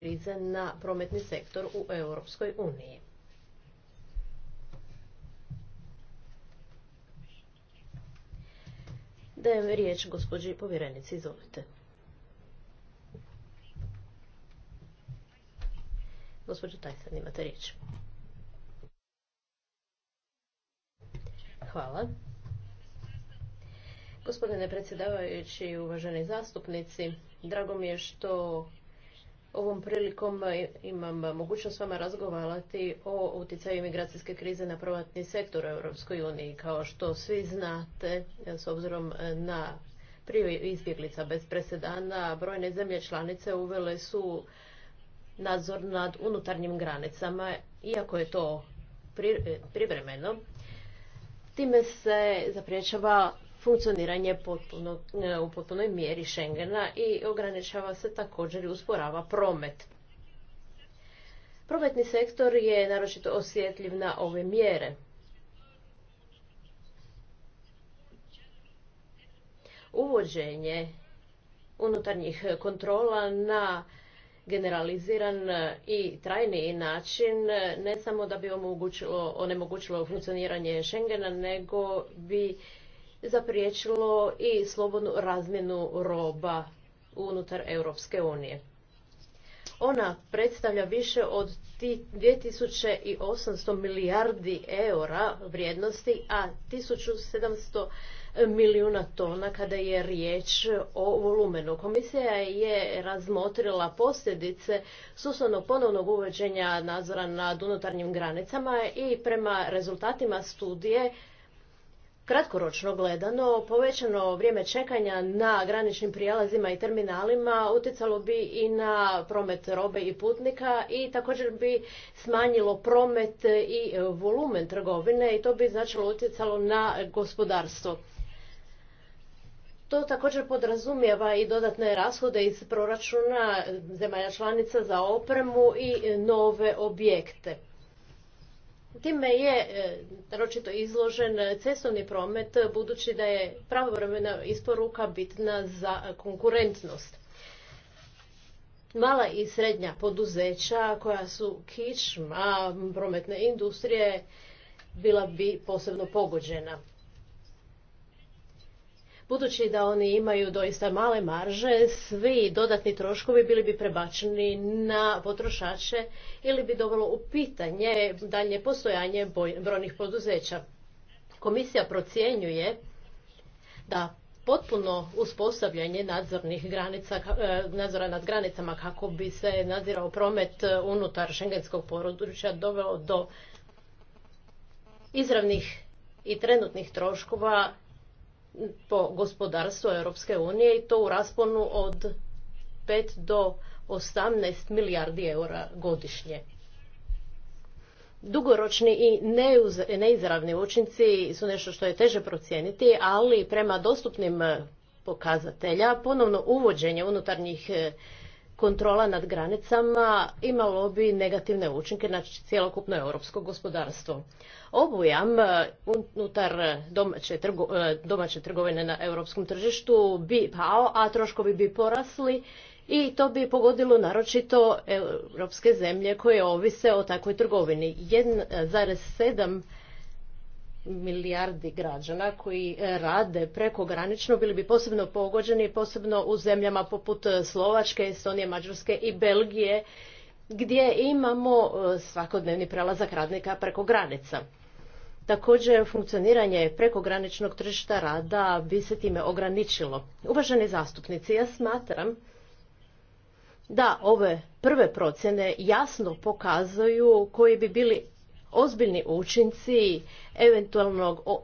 krize na prometni sektor u Europskoj uniji. Dajem riječ gospođi povjerenici, izvolite. Gospođo Tajsan, imate riječ. Hvala. Gospodine predsjedavajući, uvaženi zastupnici, drago mi je što Ovom prilikom e, imam mogućnost s vama razgovarati o utjecaju imigracijske krize na privatni sektor u Europskoj uniji. Kao što svi znate, e, s obzirom e, na prije izbjeglica bez presedana, brojne zemlje članice uvele su nadzor nad unutarnjim granicama, iako je to privremeno. Time se zapriječava funkcioniranje potpuno, e, u potpunoj mjeri Schengena i ograničava se također i usporava promet. Prometni sektor je naročito osjetljiv na ove mjere. Uvođenje unutarnjih kontrola na generaliziran i trajni način ne samo da bi omogućilo, onemogućilo funkcioniranje Schengena, nego bi zapriječilo i slobodnu razmjenu roba unutar Europske unije. Ona predstavlja više od 2800 milijardi eura vrijednosti, a 1700 milijuna tona kada je riječ o volumenu. Komisija je razmotrila posljedice sustavnog ponovnog uvođenja nadzora nad unutarnjim granicama i prema rezultatima studije Kratkoročno gledano, povećano vrijeme čekanja na graničnim prijelazima i terminalima utjecalo bi i na promet robe i putnika i također bi smanjilo promet i volumen trgovine i to bi značilo utjecalo na gospodarstvo. To također podrazumijeva i dodatne rashode iz proračuna zemalja članica za opremu i nove objekte. Time je e, naročito izložen cestovni promet budući da je pravovremena isporuka bitna za konkurentnost. Mala i srednja poduzeća koja su kičma prometne industrije bila bi posebno pogođena. Budući da oni imaju doista male marže, svi dodatni troškovi bili bi prebačeni na potrošače ili bi dovelo u pitanje dalje postojanje brojnih poduzeća. Komisija procjenjuje da potpuno uspostavljanje nadzornih granica, e, nadzora nad granicama kako bi se nadzirao promet e, unutar šengenskog područja dovelo do izravnih i trenutnih troškova po gospodarstvu Europske unije i to u rasponu od 5 do 18 milijardi eura godišnje. Dugoročni i neizravni učinci su nešto što je teže procijeniti, ali prema dostupnim pokazatelja ponovno uvođenje unutarnjih kontrola nad granicama imalo bi negativne učinke na cjelokupno europsko gospodarstvo. Obujam e, unutar domaće, e, domaće trgovine na europskom tržištu bi pao, a troškovi bi porasli i to bi pogodilo naročito europske zemlje koje ovise o takvoj trgovini. 1,7 milijardi građana koji e, rade prekogranično bili bi posebno pogođeni, posebno u zemljama poput e, Slovačke, Estonije, Mađarske i Belgije, gdje imamo e, svakodnevni prelazak radnika preko granica. Također, funkcioniranje prekograničnog tržišta rada bi se time ograničilo. Uvaženi zastupnici, ja smatram da ove prve procjene jasno pokazuju koji bi bili ozbiljni učinci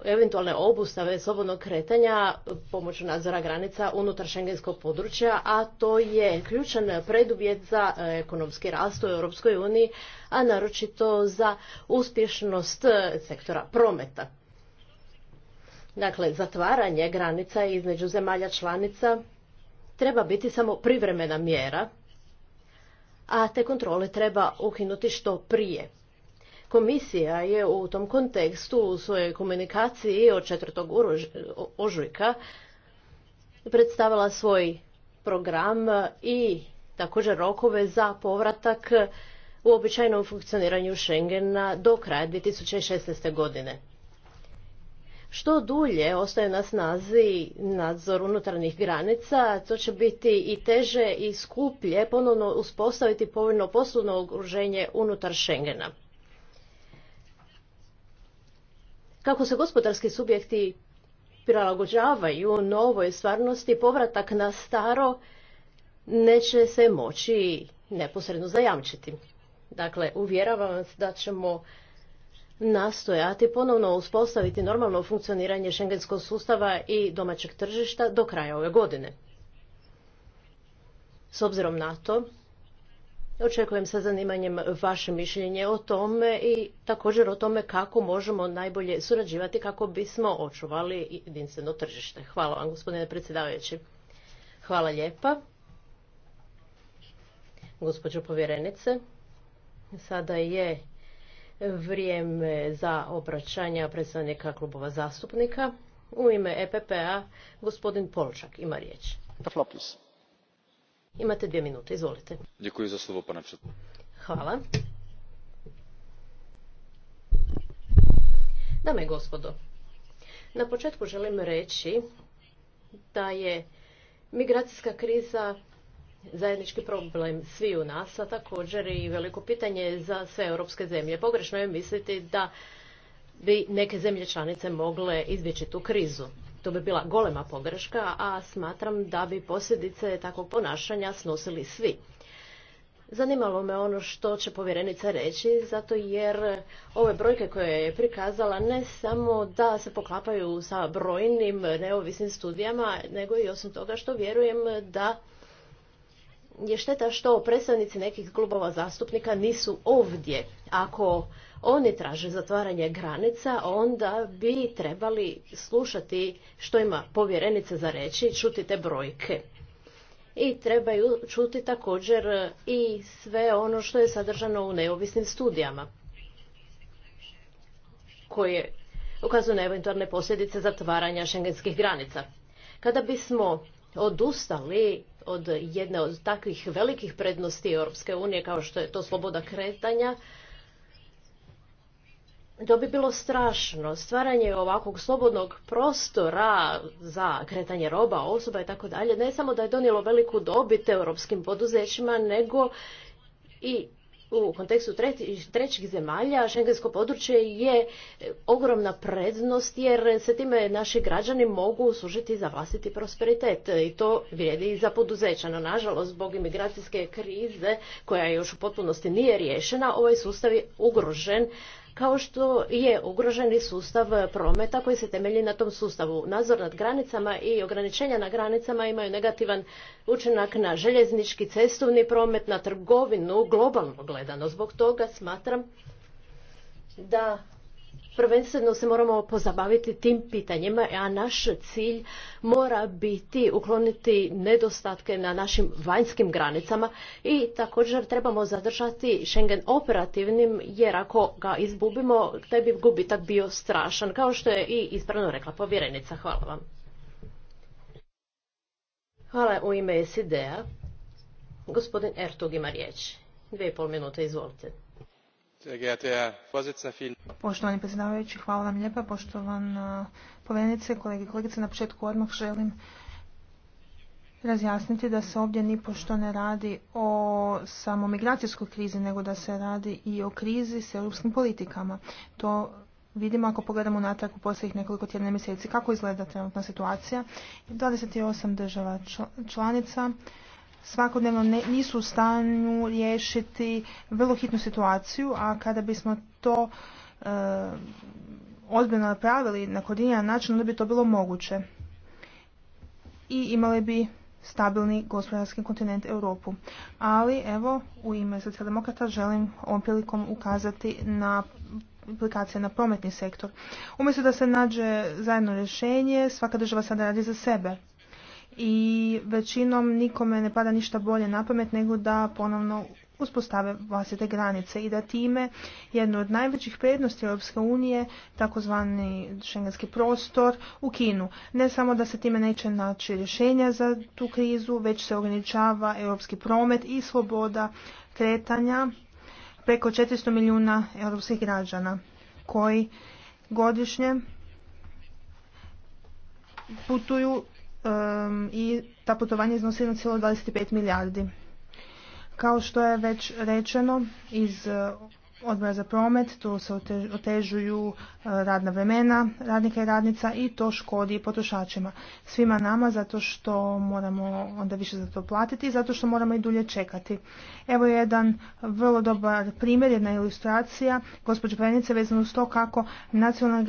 eventualne obustave slobodnog kretanja pomoću nadzora granica unutar šengenskog područja, a to je ključan preduvjet za e, ekonomski rast u Europskoj uniji, a naročito za uspješnost sektora prometa. Dakle, zatvaranje granica između zemalja članica treba biti samo privremena mjera, a te kontrole treba ukinuti što prije. Komisija je u tom kontekstu u svojoj komunikaciji od 4. ožujka predstavila svoj program i također rokove za povratak u običajnom funkcioniranju Schengena do kraja 2016. godine. Što dulje ostaje na snazi nadzor unutarnjih granica, to će biti i teže i skuplje ponovno uspostaviti povoljno poslovno okruženje unutar Schengena. Kako se gospodarski subjekti prilagođavaju novoj stvarnosti, povratak na staro neće se moći neposredno zajamčiti. Dakle, uvjeravam vas da ćemo nastojati ponovno uspostaviti normalno funkcioniranje šengenskog sustava i domaćeg tržišta do kraja ove godine. S obzirom na to, Očekujem sa zanimanjem vaše mišljenje o tome i također o tome kako možemo najbolje surađivati kako bismo očuvali jedinstveno tržište. Hvala vam gospodine predsjedavajući. Hvala lijepa. Gospođo povjerenice, sada je vrijeme za obraćanja predstavnika klubova zastupnika. U ime EPP-a gospodin Polčak ima riječ. Imate dvije minute, izvolite. Za slovo, Hvala. Dame i gospodo, na početku želim reći da je migracijska kriza zajednički problem u nas, a također i veliko pitanje za sve europske zemlje. Pogrešno je misliti da bi neke zemlje članice mogle izbjeći tu krizu. To bi bila golema pogreška, a smatram da bi posljedice takvog ponašanja snosili svi. Zanimalo me ono što će povjerenica reći, zato jer ove brojke koje je prikazala ne samo da se poklapaju sa brojnim neovisnim studijama, nego i osim toga što vjerujem da je šteta što predstavnici nekih klubova zastupnika nisu ovdje. Ako oni traže zatvaranje granica, onda bi trebali slušati što ima povjerenica za reći, čuti te brojke. I trebaju čuti također i sve ono što je sadržano u neovisnim studijama koje ukazuju na eventualne posljedice zatvaranja šengenskih granica. Kada bismo odustali od jedne od takvih velikih prednosti Europske unije kao što je to sloboda kretanja, to bi bilo strašno. Stvaranje ovakvog slobodnog prostora za kretanje roba, osoba i tako dalje, ne samo da je donijelo veliku dobit europskim poduzećima, nego i u kontekstu trećih zemalja šengensko područje je e, ogromna prednost jer se time naši građani mogu služiti za vlastiti prosperitet i to vrijedi i za poduzeća. No, nažalost, zbog imigracijske krize koja još u potpunosti nije riješena, ovaj sustav je ugrožen, kao što je ugroženi sustav prometa koji se temelji na tom sustavu. Nadzor nad granicama i ograničenja na granicama imaju negativan učinak na željeznički cestovni promet, na trgovinu, globalno gledano. Zbog toga smatram da prvenstveno se moramo pozabaviti tim pitanjima, a naš cilj mora biti ukloniti nedostatke na našim vanjskim granicama i također trebamo zadržati Schengen operativnim jer ako ga izgubimo, taj bi gubitak bio strašan, kao što je i ispravno rekla povjerenica. Hvala vam. Hvala u ime SID-a. Gospodin Ertug ima riječ. Dvije i pol minute, izvolite. Poštovani predsjedavajući, hvala vam lijepa. Poštovana povjerenice, kolege i kolegice, na početku odmah želim razjasniti da se ovdje nipošto ne radi o samo migracijskoj krizi, nego da se radi i o krizi s europskim politikama. To vidimo ako pogledamo natrag u posljednjih nekoliko tjedna mjeseci kako izgleda trenutna situacija. 28 država članica svakodnevno nisu u stanju riješiti vrlo hitnu situaciju, a kada bismo to e, ozbiljno napravili na koordiniran način, onda bi to bilo moguće. I imali bi stabilni gospodarski kontinent Europu. Ali evo, u ime socijaldemokrata želim ovom prilikom ukazati na implikacije na prometni sektor. Umjesto da se nađe zajedno rješenje, svaka država sada radi za sebe i većinom nikome ne pada ništa bolje na pamet nego da ponovno uspostave vlastite granice i da time jednu od najvećih prednosti Europske unije, takozvani šengenski prostor, u Kinu. Ne samo da se time neće naći rješenja za tu krizu, već se ograničava europski promet i sloboda kretanja preko 400 milijuna europskih građana koji godišnje putuju i ta putovanja iznose 1,25 milijardi. Kao što je već rečeno iz odbora za promet, tu se otežuju e, radna vremena radnika i radnica i to škodi potrošačima. Svima nama zato što moramo onda više za to platiti i zato što moramo i dulje čekati. Evo jedan vrlo dobar primjer, jedna ilustracija gospođe Prenice vezano uz to kako nacionalne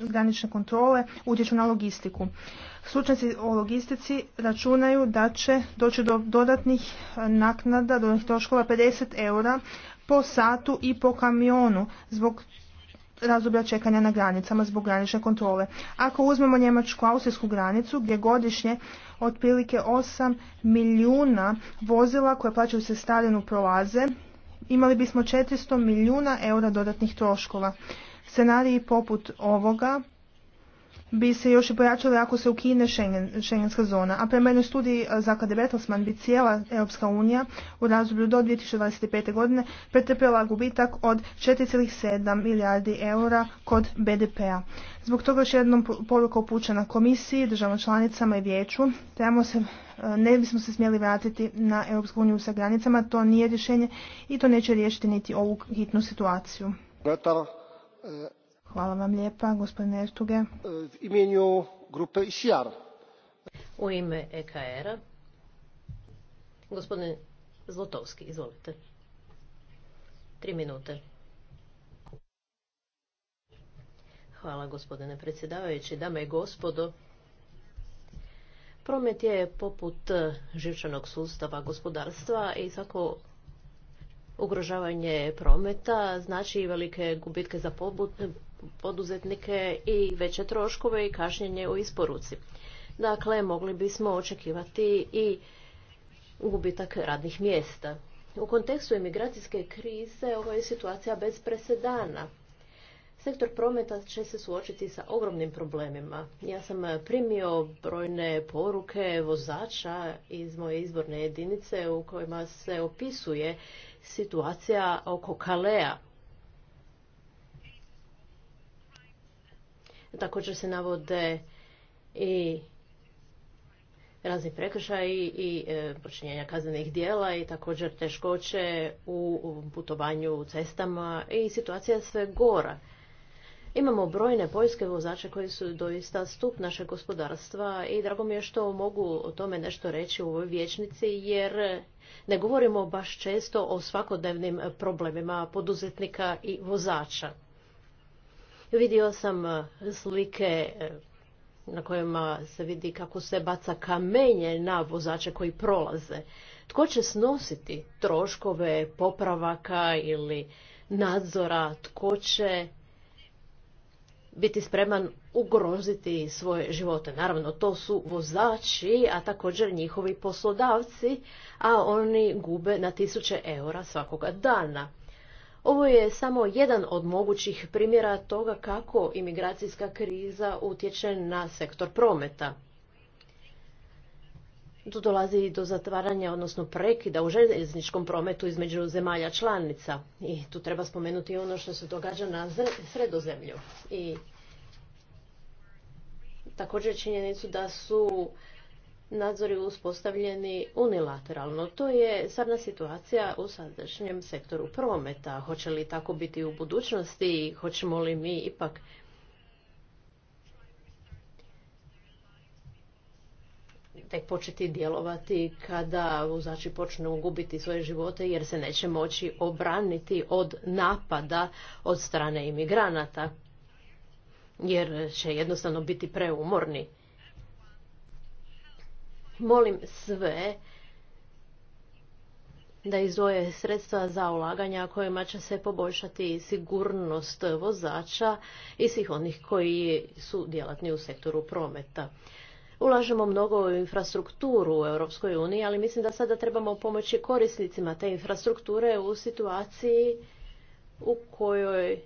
granične kontrole utječu na logistiku. Slučajci o logistici računaju da će doći do dodatnih e, naknada, dodatnih troškova 50 eura po satu i po kamionu zbog razdoblja čekanja na granicama zbog granične kontrole. Ako uzmemo njemačku-austrijsku granicu gdje godišnje otprilike 8 milijuna vozila koje plaćaju se starinu prolaze, imali bismo 400 milijuna eura dodatnih troškova. Scenariji poput ovoga bi se još i pojačale ako se ukine Schengenska zona. A prema jednoj studiji eh, zaklade Bertelsmann bi cijela Europska unija u razdoblju do 2025. godine pretrpjela gubitak od 4,7 milijardi eura kod BDP-a. Zbog toga još jednom poruka upućena komisiji, državama članicama i vijeću. Trebamo se, eh, ne bismo se smjeli vratiti na Europsku uniju sa granicama, to nije rješenje i to neće riješiti niti ovu hitnu situaciju. Hvala vam lijepa, gospodine Ertuge. grupe U ime EKR-a, gospodin Zlotovski, izvolite. Tri minute. Hvala gospodine predsjedavajući, dame i gospodo. Promet je poput živčanog sustava gospodarstva i svako ugrožavanje prometa znači velike gubitke za poduzetnike i veće troškove i kašnjenje u isporuci. Dakle, mogli bismo očekivati i gubitak radnih mjesta. U kontekstu emigracijske krize ovo je situacija bez presedana. Sektor prometa će se suočiti sa ogromnim problemima. Ja sam primio brojne poruke vozača iz moje izborne jedinice u kojima se opisuje situacija oko Kalea. Također se navode i razni prekršaj i e, počinjenja kaznenih dijela i također teškoće u putovanju cestama i situacija sve gora. Imamo brojne poljske vozače koji su doista stup našeg gospodarstva i drago mi je što mogu o tome nešto reći u ovoj vječnici jer ne govorimo baš često o svakodnevnim problemima poduzetnika i vozača. Vidio sam e, slike e, na kojima se vidi kako se baca kamenje na vozače koji prolaze. Tko će snositi troškove popravaka ili nadzora? Tko će biti spreman ugroziti svoje živote. Naravno, to su vozači, a također njihovi poslodavci, a oni gube na tisuće eura svakoga dana. Ovo je samo jedan od mogućih primjera toga kako imigracijska kriza utječe na sektor prometa. Tu dolazi i do zatvaranja, odnosno prekida u željezničkom prometu između zemalja članica. I tu treba spomenuti ono što se događa na sredozemlju. I također činjenicu da su nadzori uspostavljeni unilateralno. To je sadna situacija u sadašnjem sektoru prometa. Hoće li tako biti u budućnosti i hoćemo li mi ipak tek početi djelovati kada vozači počnu gubiti svoje živote jer se neće moći obraniti od napada od strane imigranata jer će jednostavno biti preumorni molim sve da izdvoje sredstva za ulaganja kojima će se poboljšati sigurnost vozača i svih onih koji su djelatni u sektoru prometa. Ulažemo mnogo u infrastrukturu u EU, ali mislim da sada trebamo pomoći korisnicima te infrastrukture u situaciji u kojoj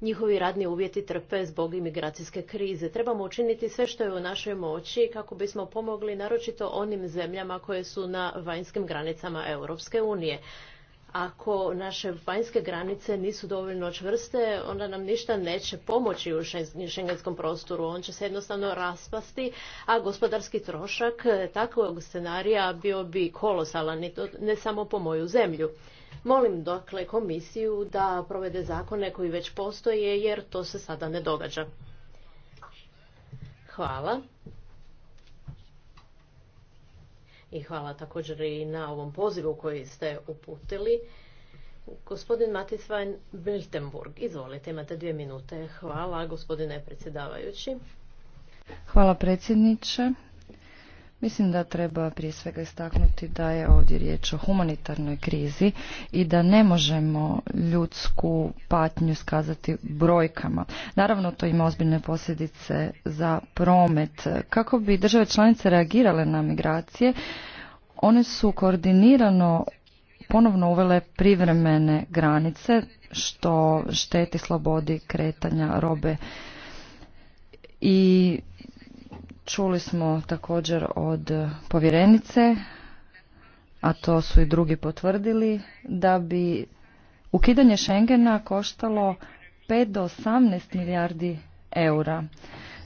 njihovi radni uvjeti trpe zbog imigracijske krize. Trebamo učiniti sve što je u našoj moći kako bismo pomogli naročito onim zemljama koje su na vanjskim granicama Europske unije. Ako naše vanjske granice nisu dovoljno čvrste, onda nam ništa neće pomoći u šengenskom prostoru. On će se jednostavno raspasti, a gospodarski trošak takvog scenarija bio bi kolosalan, ne samo po moju zemlju. Molim dokle komisiju da provede zakone koji već postoje jer to se sada ne događa. Hvala. I hvala također i na ovom pozivu koji ste uputili. Gospodin Matis van izvolite, imate dvije minute. Hvala, gospodine predsjedavajući. Hvala predsjedniče. Mislim da treba prije svega istaknuti da je ovdje riječ o humanitarnoj krizi i da ne možemo ljudsku patnju skazati brojkama. Naravno, to ima ozbiljne posljedice za promet. Kako bi države članice reagirale na migracije, one su koordinirano ponovno uvele privremene granice, što šteti slobodi kretanja robe i Čuli smo također od povjerenice, a to su i drugi potvrdili, da bi ukidanje Schengena koštalo 5 do 18 milijardi eura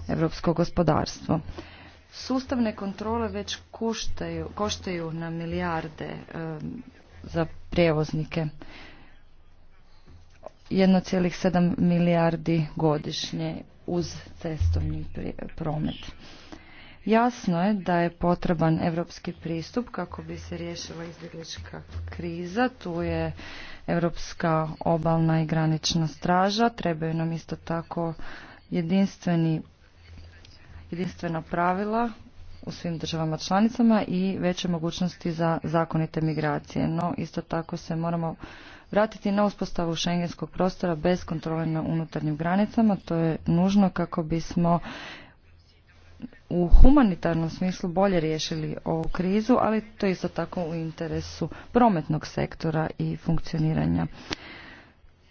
europsko gospodarstvo. Sustavne kontrole već koštaju, na milijarde za prijevoznike. 1,7 milijardi godišnje uz cestovni promet. Jasno je da je potreban europski pristup kako bi se riješila izbjeglička kriza. Tu je europska obalna i granična straža. Trebaju nam isto tako jedinstveni, jedinstvena pravila u svim državama članicama i veće mogućnosti za zakonite migracije. No, isto tako se moramo vratiti na uspostavu šengenskog prostora bez kontrole na unutarnjim granicama. To je nužno kako bismo u humanitarnom smislu bolje riješili ovu krizu, ali to je isto tako u interesu prometnog sektora i funkcioniranja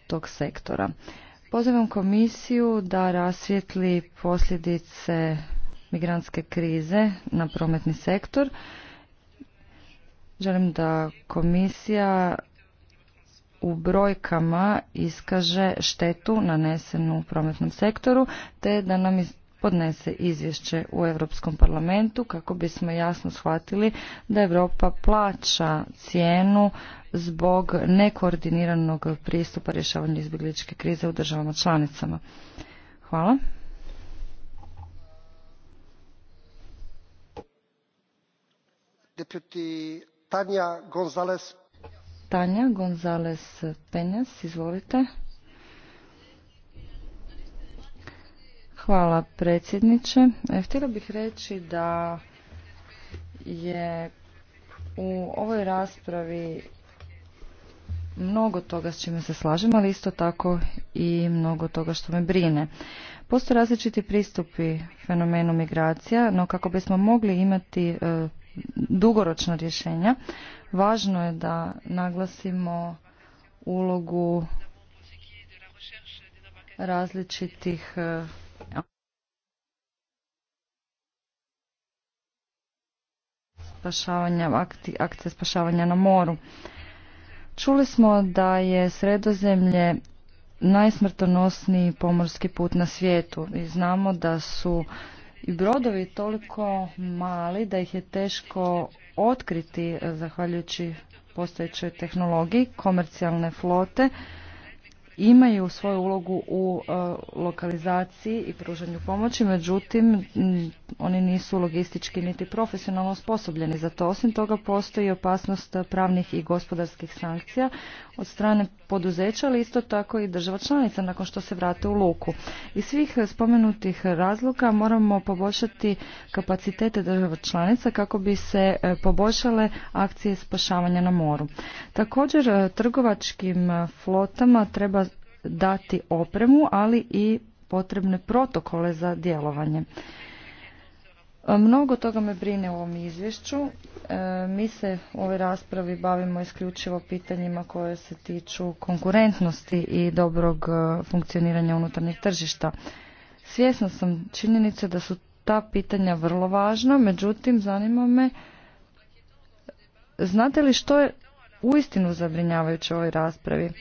tog sektora. Pozivam komisiju da rasvjetli posljedice migrantske krize na prometni sektor. Želim da komisija u brojkama iskaže štetu nanesenu u prometnom sektoru, te da nam podnese izvješće u Europskom parlamentu kako bismo jasno shvatili da Europa plaća cijenu zbog nekoordiniranog pristupa rješavanju izbjegličke krize u državama članicama. Hvala. Tanja Gonzales Tanja Penjas, izvolite. Hvala predsjedniče. E, htjela bih reći da je u ovoj raspravi mnogo toga s čime se slažem, ali isto tako i mnogo toga što me brine. Postoje različiti pristupi fenomenu migracija, no kako bismo mogli imati e, dugoročna rješenja, važno je da naglasimo ulogu različitih e, spašavanja, akcija spašavanja na moru. Čuli smo da je sredozemlje najsmrtonosniji pomorski put na svijetu i znamo da su i brodovi toliko mali da ih je teško otkriti eh, zahvaljujući postojećoj tehnologiji komercijalne flote imaju svoju ulogu u e, lokalizaciji i pružanju pomoći, međutim oni nisu logistički niti profesionalno osposobljeni za to. Osim toga postoji opasnost pravnih i gospodarskih sankcija od strane poduzeća, ali isto tako i država članica nakon što se vrate u luku. Iz svih spomenutih razloga moramo poboljšati kapacitete država članica kako bi se e, poboljšale akcije spašavanja na moru. Također e, trgovačkim flotama treba dati opremu, ali i potrebne protokole za djelovanje. Mnogo toga me brine u ovom izvješću. E, mi se u ovoj raspravi bavimo isključivo pitanjima koje se tiču konkurentnosti i dobrog e, funkcioniranja unutarnjih tržišta. Svjesna sam činjenice da su ta pitanja vrlo važna, međutim zanima me znate li što je uistinu zabrinjavajuće u ovoj raspravi?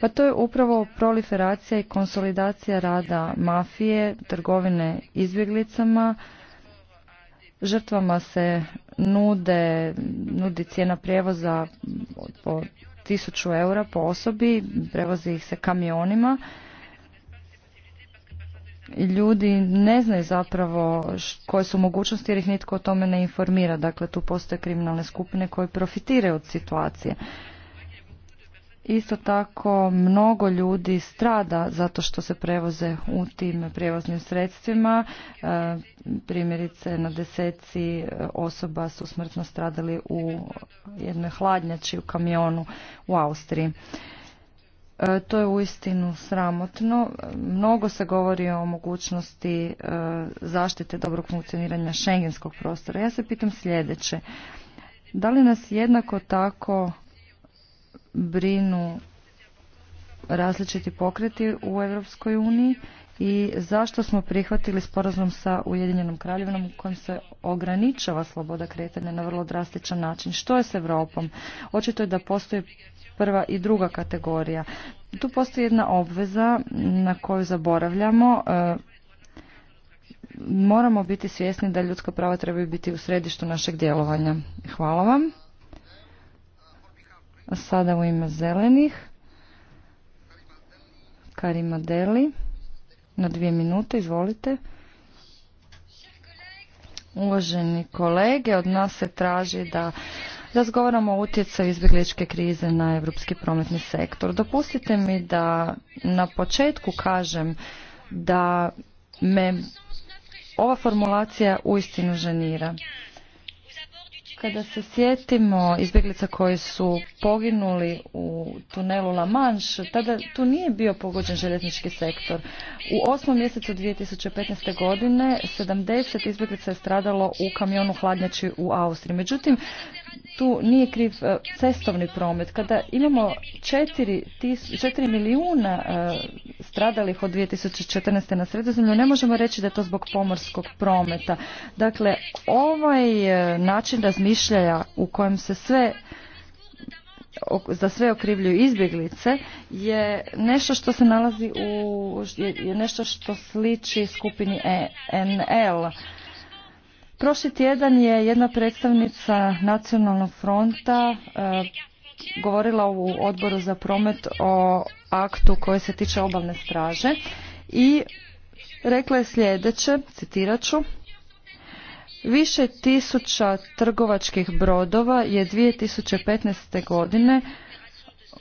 Pa to je upravo proliferacija i konsolidacija rada mafije, trgovine izbjeglicama. Žrtvama se nude, nudi cijena prijevoza po 1000 eura po osobi, prevozi ih se kamionima. Ljudi ne znaju zapravo koje su mogućnosti jer ih nitko o tome ne informira. Dakle, tu postoje kriminalne skupine koje profitiraju od situacije. Isto tako mnogo ljudi strada zato što se prevoze u tim prijevoznim sredstvima. E, primjerice na deseci e, osoba su smrtno stradali u jednoj hladnjači u kamionu u Austriji. E, to je uistinu sramotno. Mnogo se govori o mogućnosti zaštite dobrog funkcioniranja šengenskog prostora. Ja se pitam sljedeće. Da li nas jednako tako brinu različiti pokreti u Europskoj uniji i zašto smo prihvatili sporazum sa Ujedinjenom kraljevinom u kojem se ograničava sloboda kretanja na vrlo drastičan način. Što je s Europom? Očito je da postoji prva i druga kategorija. Tu postoji jedna obveza na koju zaboravljamo. E, moramo biti svjesni da ljudska prava trebaju biti u središtu našeg djelovanja. Hvala vam. A sada u ime zelenih. Karima Deli. Na dvije minute, izvolite. Uvaženi kolege, od nas se traži da razgovaramo o utjecaju izbjegličke krize na europski prometni sektor. Dopustite mi da na početku kažem da me ova formulacija uistinu ženira. Kada se sjetimo izbjeglica koji su poginuli u tunelu La Manche, tada tu nije bio pogođen željeznički sektor. U osmom mjesecu 2015. godine 70 izbjeglica je stradalo u kamionu hladnjači u Austriji. Međutim, tu nije kriv e, cestovni promet. Kada imamo 4, milijuna e, stradalih od 2014. na sredozemlju, ne možemo reći da je to zbog pomorskog prometa. Dakle, ovaj e, način razmišljaja u kojem se sve za sve okrivljuju izbjeglice je nešto što se nalazi u nešto što sliči skupini NL Prošli tjedan je jedna predstavnica Nacionalnog fronta e, govorila u odboru za promet o aktu koji se tiče obalne straže i rekla je sljedeće, citirat ću, Više tisuća trgovačkih brodova je 2015. godine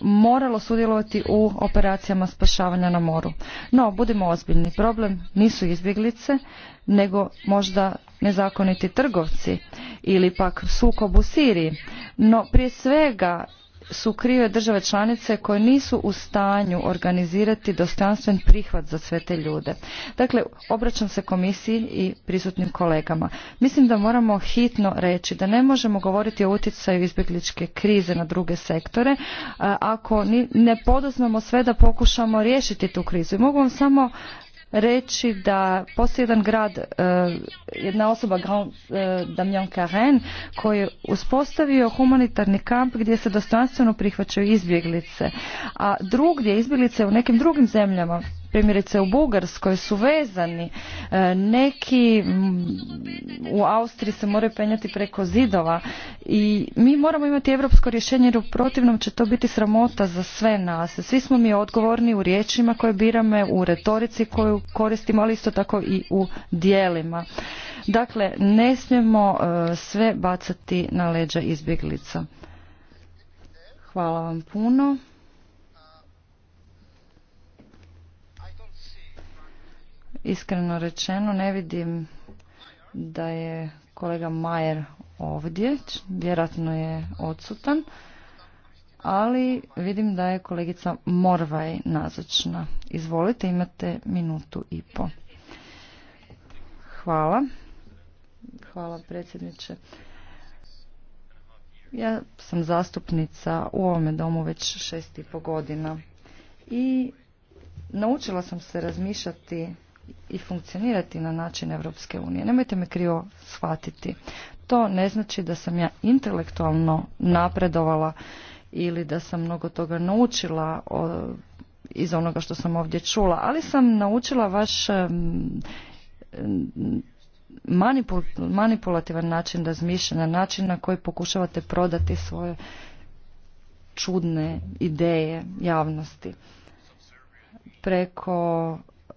moralo sudjelovati u operacijama spašavanja na moru. No, budimo ozbiljni. Problem nisu izbjeglice, nego možda nezakoniti trgovci ili pak sukob u Siriji. No, prije svega su krive države članice koje nisu u stanju organizirati dostojanstven prihvat za sve te ljude. Dakle, obraćam se komisiji i prisutnim kolegama. Mislim da moramo hitno reći da ne možemo govoriti o utjecaju izbjegličke krize na druge sektore ako ne poduzmemo sve da pokušamo riješiti tu krizu. mogu vam samo reći da postoji jedan grad, e, jedna osoba Damjan e, Damien Karen koji je uspostavio humanitarni kamp gdje se dostojanstveno prihvaćaju izbjeglice, a drugdje izbjeglice u nekim drugim zemljama primjerice u Bugarskoj su vezani. E, neki u Austriji se moraju penjati preko zidova i mi moramo imati europsko rješenje jer u protivnom će to biti sramota za sve nas. Svi smo mi odgovorni u riječima koje birame, u retorici koju koristimo, ali isto tako i u dijelima. Dakle, ne smijemo e, sve bacati na leđa izbjeglica. Hvala vam puno. Iskreno rečeno ne vidim da je kolega Majer ovdje, vjerojatno je odsutan, ali vidim da je kolegica Morvaj nazočna. Izvolite, imate minutu i po. Hvala. Hvala predsjedniče. Ja sam zastupnica u ovome domu već šest i po godina i naučila sam se razmišljati i funkcionirati na način Evropske unije. Nemojte me krivo shvatiti. To ne znači da sam ja intelektualno napredovala ili da sam mnogo toga naučila iz onoga što sam ovdje čula, ali sam naučila vaš manipulativan način razmišljanja, način na koji pokušavate prodati svoje čudne ideje javnosti preko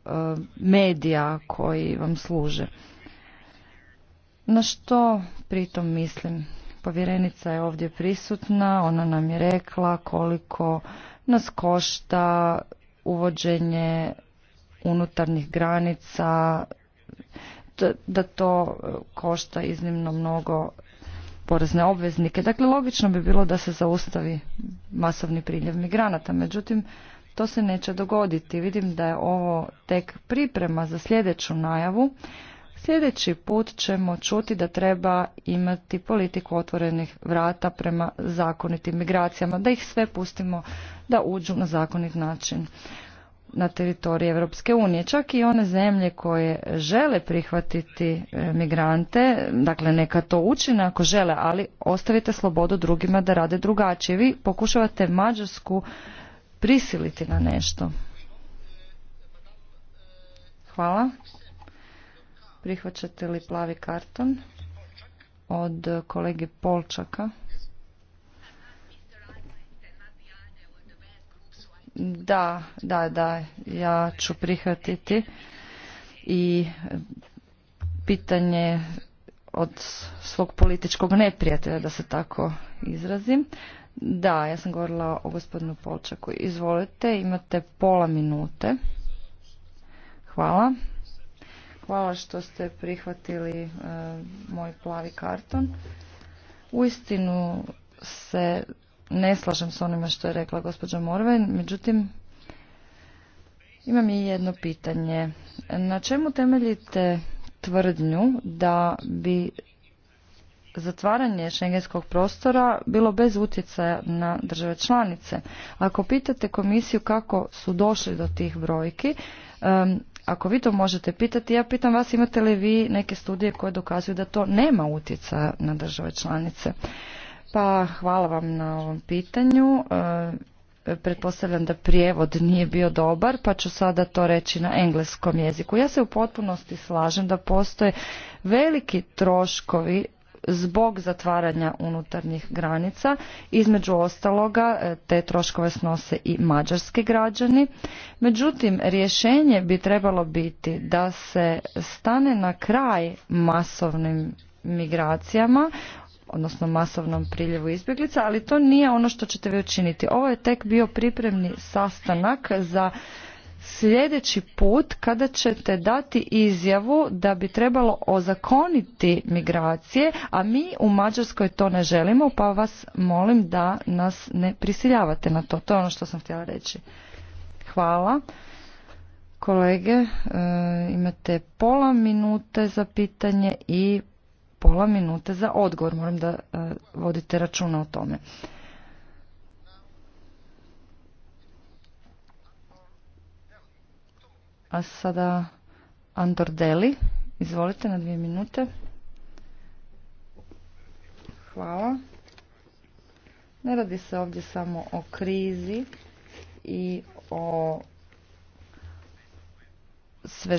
E, medija koji vam služe. Na što pritom mislim? Povjerenica je ovdje prisutna, ona nam je rekla koliko nas košta uvođenje unutarnjih granica, da to košta iznimno mnogo porezne obveznike. Dakle, logično bi bilo da se zaustavi masovni priljev migranata. Međutim, to se neće dogoditi. Vidim da je ovo tek priprema za sljedeću najavu. Sljedeći put ćemo čuti da treba imati politiku otvorenih vrata prema zakonitim migracijama, da ih sve pustimo da uđu na zakonit način na teritoriji Europske unije. Čak i one zemlje koje žele prihvatiti e, migrante, dakle neka to učine ako žele, ali ostavite slobodu drugima da rade drugačije. Vi pokušavate Mađarsku prisiliti na nešto. Hvala. Prihvaćate li plavi karton od kolege Polčaka? Da, da, da, ja ću prihvatiti i pitanje od svog političkog neprijatelja, da se tako izrazim. Da, ja sam govorila o gospodinu Polčaku. Izvolite, imate pola minute. Hvala. Hvala što ste prihvatili e, moj plavi karton. Uistinu se ne slažem s onima što je rekla gospođa Morven, međutim imam i jedno pitanje. Na čemu temeljite tvrdnju da bi zatvaranje šengenskog prostora bilo bez utjecaja na države članice. Ako pitate komisiju kako su došli do tih brojki, ako vi to možete pitati, ja pitam vas imate li vi neke studije koje dokazuju da to nema utjecaja na države članice. Pa hvala vam na ovom pitanju. pretpostavljam da prijevod nije bio dobar, pa ću sada to reći na engleskom jeziku. Ja se u potpunosti slažem da postoje veliki troškovi zbog zatvaranja unutarnjih granica. Između ostaloga e, te troškove snose i mađarski građani. Međutim, rješenje bi trebalo biti da se stane na kraj masovnim migracijama odnosno masovnom priljevu izbjeglica, ali to nije ono što ćete vi učiniti. Ovo je tek bio pripremni sastanak za sljedeći put kada ćete dati izjavu da bi trebalo ozakoniti migracije, a mi u Mađarskoj to ne želimo, pa vas molim da nas ne prisiljavate na to. To je ono što sam htjela reći. Hvala. Kolege, e, imate pola minute za pitanje i pola minute za odgovor. Moram da e, vodite računa o tome. A sada Andor Deli. Izvolite na dvije minute. Hvala. Ne radi se ovdje samo o krizi i o sve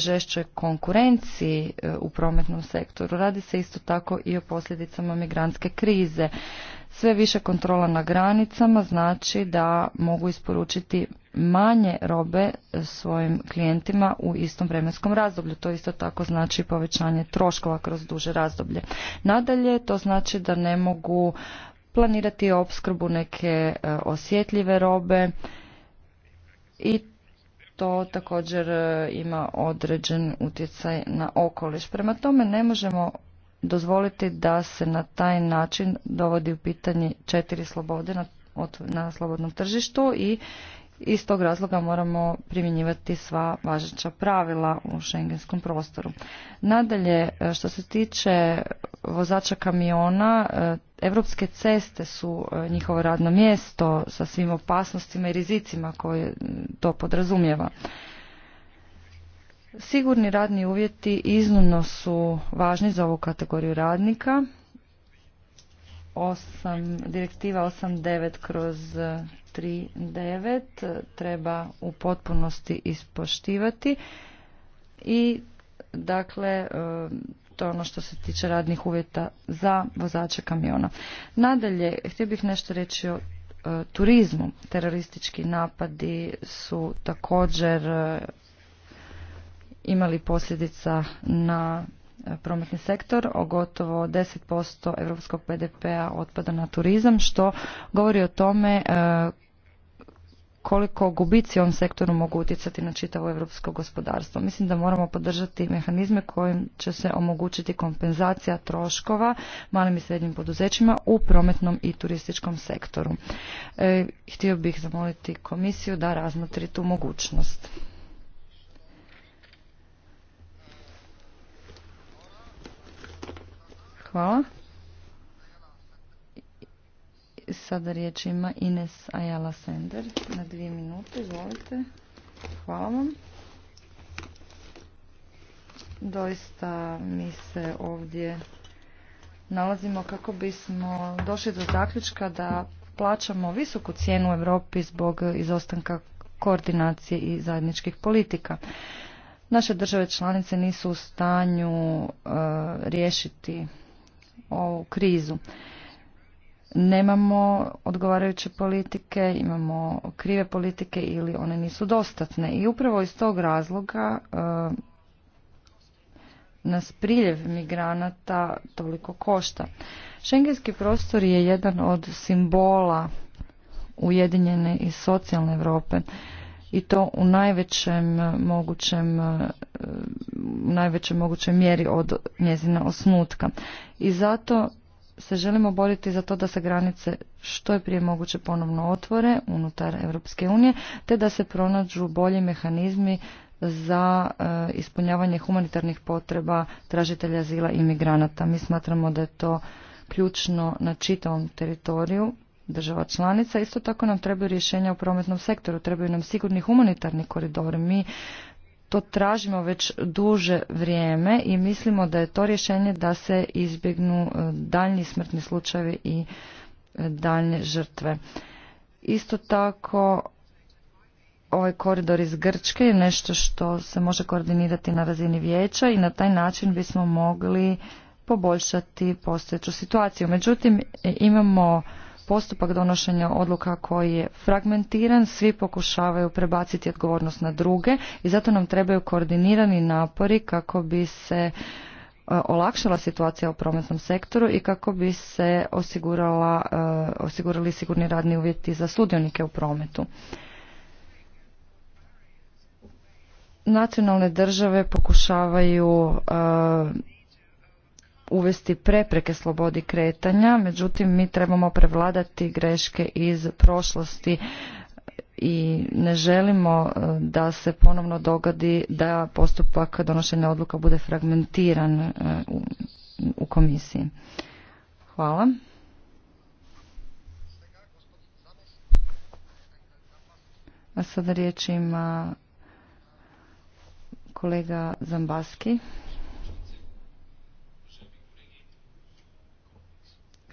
konkurenciji e, u prometnom sektoru. Radi se isto tako i o posljedicama migrantske krize. Sve više kontrola na granicama znači da mogu isporučiti manje robe svojim klijentima u istom vremenskom razdoblju. To isto tako znači povećanje troškova kroz duže razdoblje. Nadalje, to znači da ne mogu planirati opskrbu neke e, osjetljive robe i to također e, ima određen utjecaj na okoliš. Prema tome ne možemo dozvoliti da se na taj način dovodi u pitanje četiri slobode na, na slobodnom tržištu i iz tog razloga moramo primjenjivati sva važeća pravila u šengenskom prostoru. Nadalje, e, što se tiče vozača kamiona, e, evropske ceste su e, njihovo radno mjesto sa svim opasnostima i rizicima koje to podrazumijeva. Sigurni radni uvjeti iznimno su važni za ovu kategoriju radnika. 8, direktiva 89 kroz 39 treba u potpunosti ispoštivati i dakle um, to je ono što se tiče radnih uvjeta za vozače kamiona. Nadalje, htio bih nešto reći o uh, turizmu. Teroristički napadi su također uh, imali posljedica na e, prometni sektor, o gotovo 10% europskog BDP-a otpada na turizam, što govori o tome e, koliko gubici u ovom sektoru mogu utjecati na čitavo europsko gospodarstvo. Mislim da moramo podržati mehanizme kojim će se omogućiti kompenzacija troškova malim i srednjim poduzećima u prometnom i turističkom sektoru. E, htio bih zamoliti komisiju da razmotri tu mogućnost. Hvala. Sada riječ ima Ines Ayala Sender na dvije minute, izvolite. Hvala vam. Doista mi se ovdje nalazimo kako bismo došli do zaključka da plaćamo visoku cijenu u Europi zbog izostanka koordinacije i zajedničkih politika. Naše države članice nisu u stanju e, riješiti ovu krizu. Nemamo odgovarajuće politike, imamo krive politike ili one nisu dostatne. I upravo iz tog razloga e, nas priljev migranata toliko košta. Šengenski prostor je jedan od simbola ujedinjene i socijalne Europe i to u najvećem mogućem, e, u najvećoj mogućoj mjeri od njezina osnutka. I zato se želimo boriti za to da se granice što je prije moguće ponovno otvore unutar Europske unije, te da se pronađu bolji mehanizmi za e, ispunjavanje humanitarnih potreba tražitelja azila i migranata. Mi smatramo da je to ključno na čitavom teritoriju država članica. Isto tako nam trebaju rješenja u prometnom sektoru, trebaju nam sigurni humanitarni koridori. Mi to tražimo već duže vrijeme i mislimo da je to rješenje da se izbjegnu e, daljnji smrtni slučajevi i e, daljne žrtve. Isto tako ovaj koridor iz Grčke je nešto što se može koordinirati na razini vijeća i na taj način bismo mogli poboljšati postojeću situaciju. Međutim, imamo postupak donošenja odluka koji je fragmentiran, svi pokušavaju prebaciti odgovornost na druge i zato nam trebaju koordinirani napori kako bi se e, olakšala situacija u prometnom sektoru i kako bi se osigurala, e, osigurali sigurni radni uvjeti za sudionike u prometu. Nacionalne države pokušavaju e, uvesti prepreke slobodi kretanja, međutim mi trebamo prevladati greške iz prošlosti i ne želimo e, da se ponovno dogodi da postupak donošenja odluka bude fragmentiran e, u komisiji. Hvala. A sada riječ ima kolega Zambaski.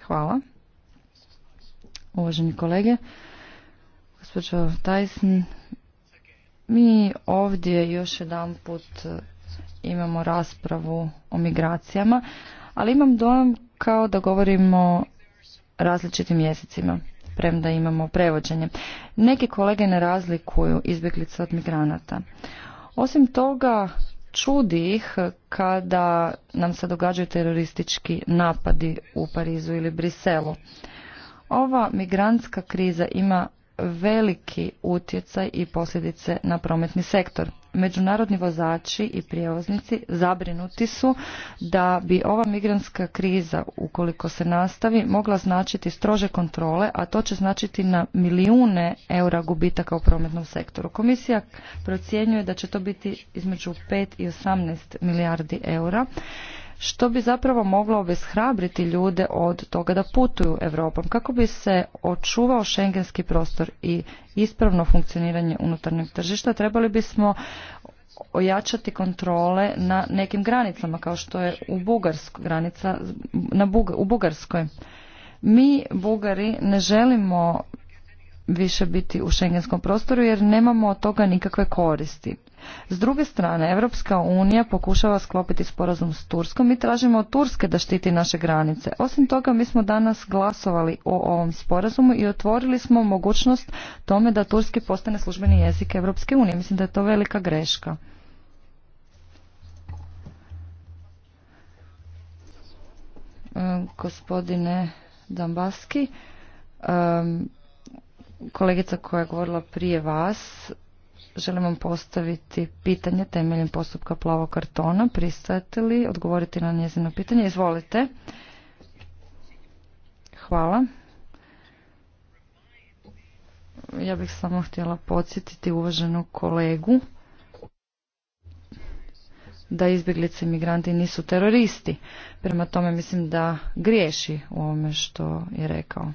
Hvala. Uvaženi kolege, gospođo Tyson, mi ovdje još jedan put imamo raspravu o migracijama, ali imam dojam kao da govorimo različitim mjesecima, premda imamo prevođenje. Neki kolege ne razlikuju izbjeglice od migranata. Osim toga, čudi ih kada nam se događaju teroristički napadi u Parizu ili Briselu. Ova migrantska kriza ima veliki utjecaj i posljedice na prometni sektor. Međunarodni vozači i prijevoznici zabrinuti su da bi ova migrantska kriza, ukoliko se nastavi, mogla značiti strože kontrole, a to će značiti na milijune eura gubitaka u prometnom sektoru. Komisija procjenjuje da će to biti između 5 i 18 milijardi eura što bi zapravo moglo obeshrabriti ljude od toga da putuju Europom kako bi se očuvao šengenski prostor i ispravno funkcioniranje unutarnjeg tržišta trebali bismo ojačati kontrole na nekim granicama kao što je u Bugarskoj granica na u Bugarskoj mi Bugari ne želimo više biti u šengenskom prostoru jer nemamo od toga nikakve koristi. S druge strane, Europska unija pokušava sklopiti sporazum s Turskom i tražimo od Turske da štiti naše granice. Osim toga, mi smo danas glasovali o ovom sporazumu i otvorili smo mogućnost tome da Turski postane službeni jezik Europske unije. Mislim da je to velika greška. E, gospodine Dambaski, kolegica koja je govorila prije vas, želim vam postaviti pitanje temeljem postupka plavog kartona. Pristajete li odgovoriti na njezino pitanje? Izvolite. Hvala. Ja bih samo htjela podsjetiti uvaženu kolegu da izbjeglice i migranti nisu teroristi. Prema tome mislim da griješi u ovome što je rekao.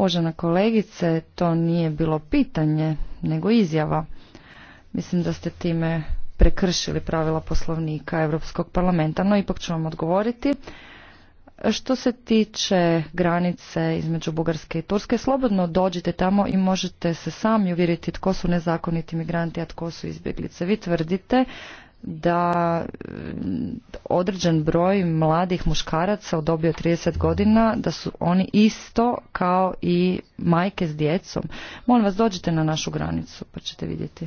Uvažena kolegice, to nije bilo pitanje, nego izjava. Mislim da ste time prekršili pravila poslovnika Europskog parlamenta, no ipak ću vam odgovoriti. Što se tiče granice između Bugarske i Turske, slobodno dođite tamo i možete se sami uvjeriti tko su nezakoniti migranti, a tko su izbjeglice. Vi tvrdite da mm, određen broj mladih muškaraca u dobi od 30 godina da su oni isto kao i majke s djecom. Molim vas dođite na našu granicu pa ćete vidjeti.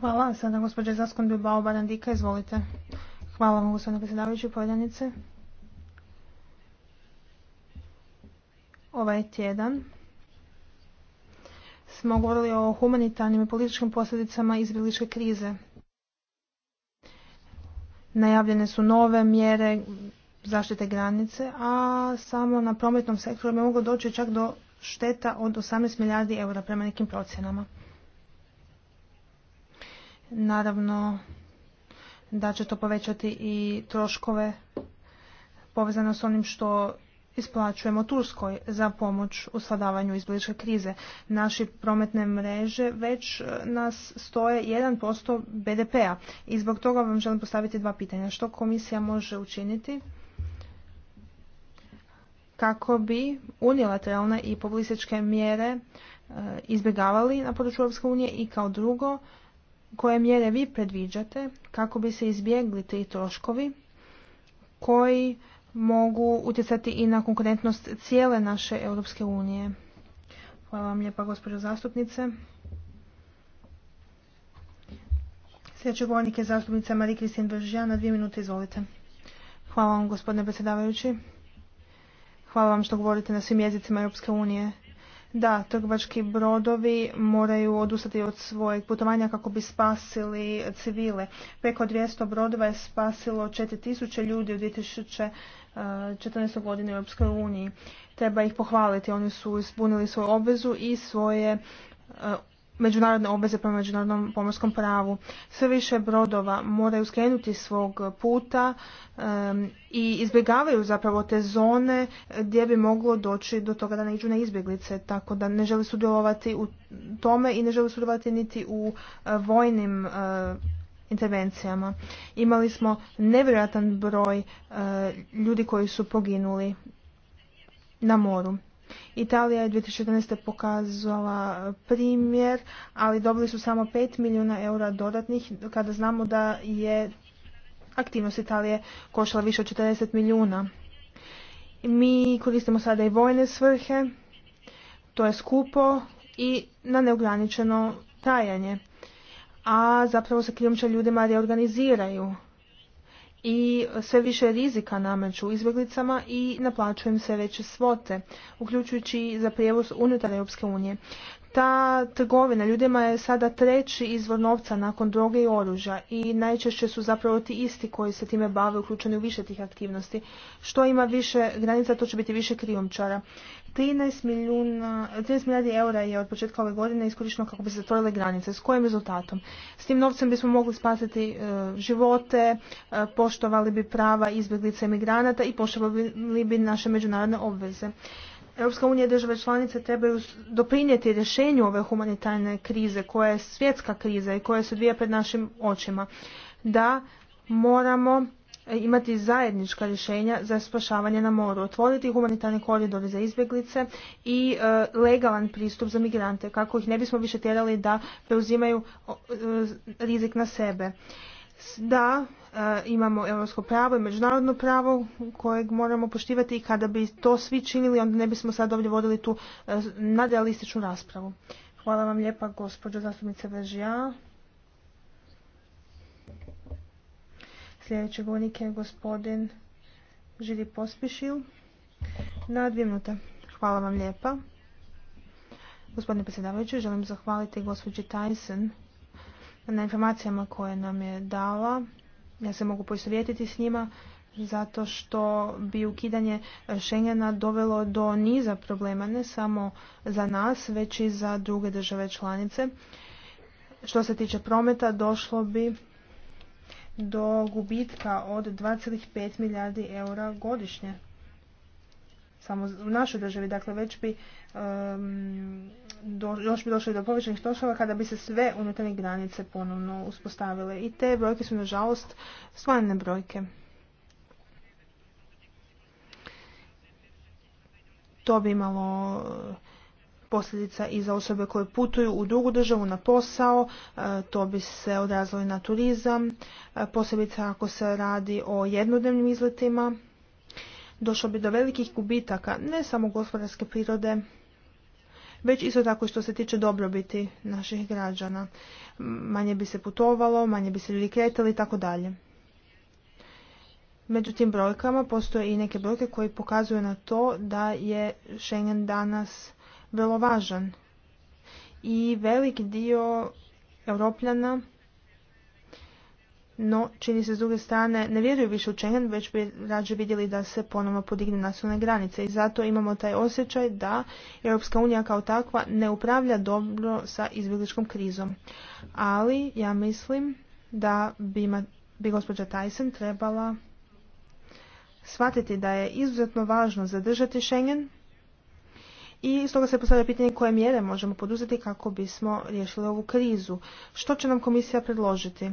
Hvala. Sada gospođa Zaskon Bilbao Barandika, izvolite. Hvala vam gospodine predsjedavajući povedanice. Ovaj tjedan smo govorili o humanitarnim i političkim posljedicama izbjegličke krize. Najavljene su nove mjere zaštite granice, a samo na prometnom sektoru bi moglo doći čak do šteta od 18 milijardi eura prema nekim procjenama. Naravno da će to povećati i troškove povezano s onim što isplaćujemo Turskoj za pomoć u sladavanju izbliške krize. Naši prometne mreže već e, nas stoje 1% BDP-a i zbog toga vam želim postaviti dva pitanja. Što komisija može učiniti kako bi unilateralne i populističke mjere e, izbjegavali na području Europske unije i kao drugo koje mjere vi predviđate kako bi se izbjegli ti troškovi koji mogu utjecati i na konkurentnost cijele naše Europske unije. Hvala vam lijepa gospođo zastupnice. Sljedeći govornik je zastupnica Marie Kristin Veržija. Na dvije minute izvolite. Hvala vam gospodine predsjedavajući. Hvala vam što govorite na svim jezicima Europske unije. Da, trgovački brodovi moraju odustati od svojeg putovanja kako bi spasili civile. Preko 200 brodova je spasilo 4000 ljudi u 2000 14. godine u Europskoj uniji. Treba ih pohvaliti, oni su ispunili svoju obvezu i svoje e, međunarodne obveze prema međunarodnom pomorskom pravu. Sve više brodova moraju skrenuti svog puta i izbjegavaju zapravo te zone gdje bi moglo doći do toga da ne iđu na izbjeglice, tako da ne žele sudjelovati u tome i ne žele sudjelovati niti u e, vojnim e, intervencijama. Imali smo nevjerojatan broj e, ljudi koji su poginuli na moru. Italija je 2014. pokazala primjer, ali dobili su samo 5 milijuna eura dodatnih kada znamo da je aktivnost Italije košala više od 40 milijuna. Mi koristimo sada i vojne svrhe, to je skupo i na neograničeno trajanje a zapravo se krijumčar ljudima reorganiziraju i sve više rizika nameću izbjeglicama i naplaćuju im sve veće svote, uključujući za prijevoz unutar Europske unije. Ta trgovina ljudima je sada treći izvor novca nakon droge i oružja i najčešće su zapravo ti isti koji se time bave uključeni u više tih aktivnosti. Što ima više granica, to će biti više krijumčara. 13, milijuna, milijardi eura je od početka ove godine iskorišteno kako bi se zatvorile granice. S kojim rezultatom? S tim novcem bismo mogli spasiti e, živote, e, poštovali bi prava izbjeglica i i poštovali bi naše međunarodne obveze. Europska unija i države članice trebaju doprinijeti rješenju ove humanitarne krize koja je svjetska kriza i koja se odvija pred našim očima. Da moramo e, imati zajednička rješenja za spašavanje na moru, otvoriti humanitarni koridor za izbjeglice i e, legalan pristup za migrante kako ih ne bismo više tjerali da preuzimaju e, rizik na sebe. Da, E, imamo europsko pravo i međunarodno pravo kojeg moramo poštivati i kada bi to svi činili onda ne bismo sad ovdje vodili tu e, nadrealističnu raspravu. Hvala vam lijepa gospođo zastupnice Vežija. Sljedeći govornik je gospodin Žili Pospišil na dvije minute. Hvala vam lijepa. Gospodine predsjedavajući, želim zahvaliti gospođi Tyson na informacijama koje nam je dala ja se mogu poistovjetiti s njima zato što bi ukidanje Schengena dovelo do niza problema, ne samo za nas, već i za druge države članice. Što se tiče prometa, došlo bi do gubitka od 2,5 milijardi eura godišnje. Samo u našoj državi, dakle već bi um, do, još bi došli do povećanih troškova kada bi se sve unutarnje granice ponovno uspostavile. I te brojke su nažalost stvarne brojke. To bi imalo e, posljedica i za osobe koje putuju u drugu državu na posao, e, to bi se odrazilo i na turizam, e, posebice ako se radi o jednodnevnim izletima. Došlo bi do velikih gubitaka, ne samo gospodarske prirode, već isto tako što se tiče dobrobiti naših građana. Manje bi se putovalo, manje bi se ljudi kretali i tako dalje. Među tim brojkama postoje i neke brojke koje pokazuju na to da je Schengen danas vrlo važan. I velik dio europljana no, čini se s druge strane, ne vjeruju više u Schengen, već bi rađe vidjeli da se ponovno podigne nasilne granice. I zato imamo taj osjećaj da Europska unija kao takva ne upravlja dobro sa izbjegličkom krizom. Ali ja mislim da bi, bi gospođa Tyson trebala shvatiti da je izuzetno važno zadržati Schengen i stoga se postavlja pitanje koje mjere možemo poduzeti kako bismo riješili ovu krizu. Što će nam komisija predložiti?